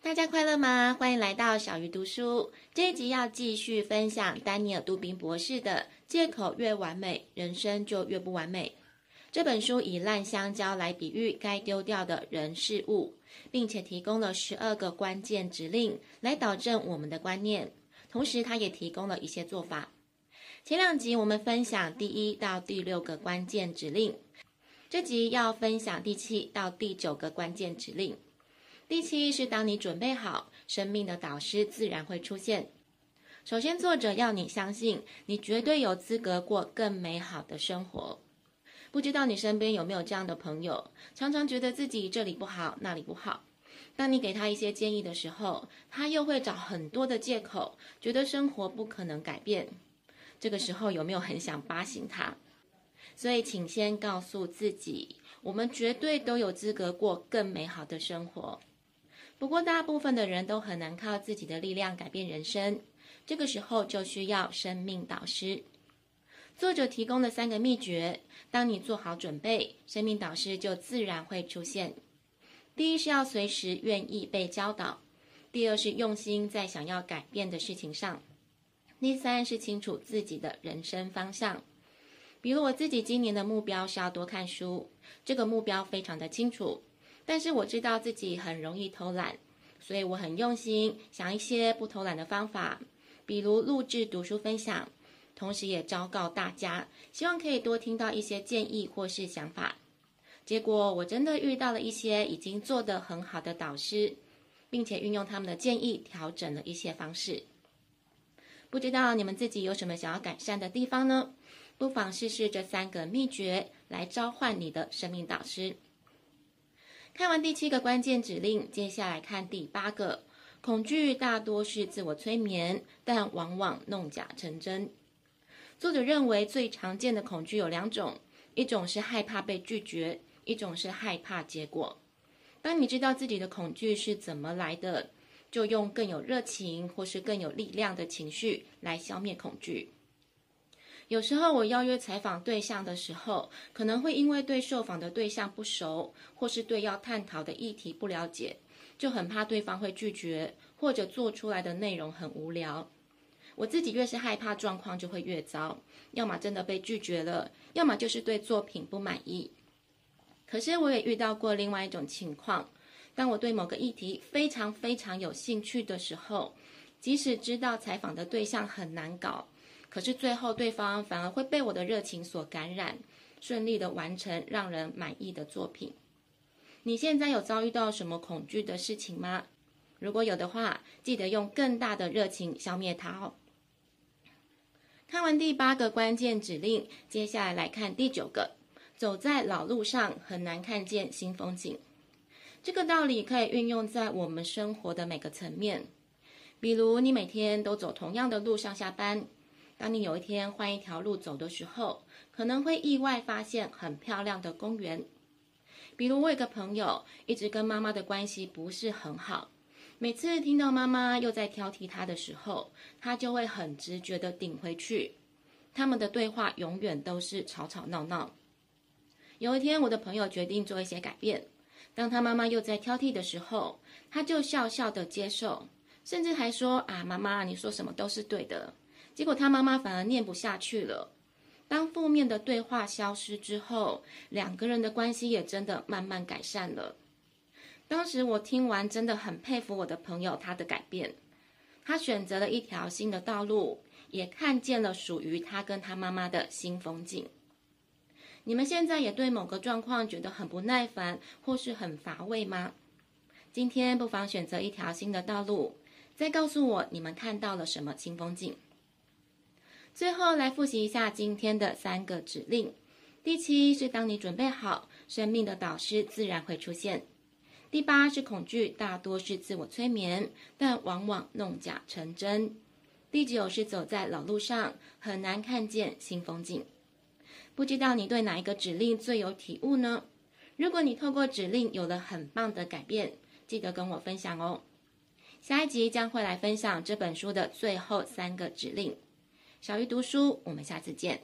大家快樂嗎？歡迎來到小魚讀書。這一集要繼續分享丹尼爾·杜賓博士的《借口越完美，人生就越不完美》這本書，以爛香蕉來比喻該丟掉的人事物，並且提供了十二個關鍵指令來導正我們的觀念。同時，他也提供了一些做法。前兩集我們分享第一到第六個關鍵指令，這集要分享第七到第九個關鍵指令。第七是，當你準備好，生命的導師自然會出現。首先，作者要你相信，你絕對有資格過更美好的生活。不知道你身邊有沒有這樣的朋友，常常覺得自己這裡不好，那裡不好。當你給他一些建議的時候，他又會找很多的借口，覺得生活不可能改變。這個時候有沒有很想巴醒他？所以，請先告訴自己，我們絕對都有資格過更美好的生活。不過，大部分的人都很難靠自己的力量改變人生，這個時候就需要生命導師。作者提供的三個秘訣：當你做好準備，生命導師就自然會出現。第一是要隨時願意被教導；第二是用心在想要改變的事情上；第三是清楚自己的人生方向。比如我自己今年的目標是要多看書，這個目標非常的清楚。但是我知道自己很容易偷懶，所以我很用心想一些不偷懶的方法，比如錄製讀書分享，同時也昭告大家，希望可以多聽到一些建議或是想法。結果我真的遇到了一些已經做得很好的導師，並且運用他們的建議調整了一些方式。不知道你們自己有什麼想要改善的地方呢？不妨試試這三個秘訣來召喚你的生命導師。看完第七個關鍵指令，接下來看第八個。恐懼大多是自我催眠，但往往弄假成真。作者認為最常見的恐懼有兩種：一種是害怕被拒絕，一種是害怕結果。當你知道自己的恐懼是怎麼來的，就用更有熱情或是更有力量的情緒來消滅恐懼。有時候我邀約採訪對象的時候，可能會因為對受訪的對象不熟，或是對要探討的議題不了解，就很怕對方會拒絕，或者做出來的內容很無聊。我自己越是害怕，狀況就會越糟，要麼真的被拒絕了，要麼就是對作品不滿意。可是我也遇到過另外一種情況，當我對某個議題非常非常有興趣的時候，即使知道採訪的對象很難搞，可是最後，對方反而會被我的熱情所感染，順利的完成讓人滿意的作品。你現在有遭遇到什麼恐懼的事情嗎？如果有的話，記得用更大的熱情消滅它哦。看完第八個關鍵指令，接下來來看第九個：走在老路上，很難看見新風景。這個道理可以運用在我們生活的每個層面，比如你每天都走同樣的路上下班。當你有一天換一條路走的時候，可能會意外發現很漂亮的公園。比如，我有個朋友一直跟媽媽的關係不是很好，每次聽到媽媽又在挑剔他的時候，他就會很直覺地頂回去。他們的對話永遠都是吵吵鬧鬧。有一天，我的朋友決定做一些改變。當他媽媽又在挑剔的時候，他就笑笑的接受，甚至還說：“啊，媽媽，你說什麼都是對的。”結果他媽媽反而念不下去了。當負面的對話消失之後，兩個人的關係也真的慢慢改善了。當時我聽完真的很佩服我的朋友，他的改變。他選擇了一條新的道路，也看見了屬於他跟他媽媽的新風景。你們現在也對某個狀況覺得很不耐煩，或是很乏味嗎？今天不妨選擇一條新的道路，再告訴我你們看到了什麼新風景。最後來複習一下今天的三個指令。第七是，當你準備好，生命的導師自然會出現。第八是，恐懼大多是自我催眠，但往往弄假成真。第九是，走在老路上，很難看見新風景。不知道你對哪一個指令最有體悟呢？如果你透過指令有了很棒的改變，記得跟我分享哦。下一集將會來分享這本書的最後三個指令。小魚讀書，我們下次見。